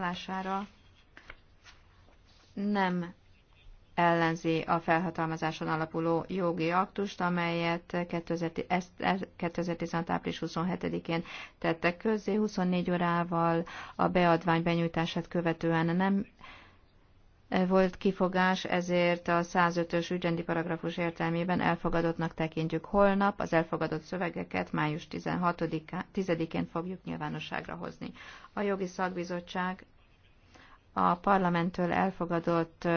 felhasználására nem ellenzi a felhatalmazáson alapuló jogi aktust, amelyet 2016. április 27-én tettek közzé, 24 órával a beadvány benyújtását követően nem volt kifogás, ezért a 105-ös ügyrendi paragrafus értelmében elfogadottnak tekintjük holnap, az elfogadott szövegeket május 16 én fogjuk nyilvánosságra hozni. A jogi szakbizottság a parlamenttől elfogadott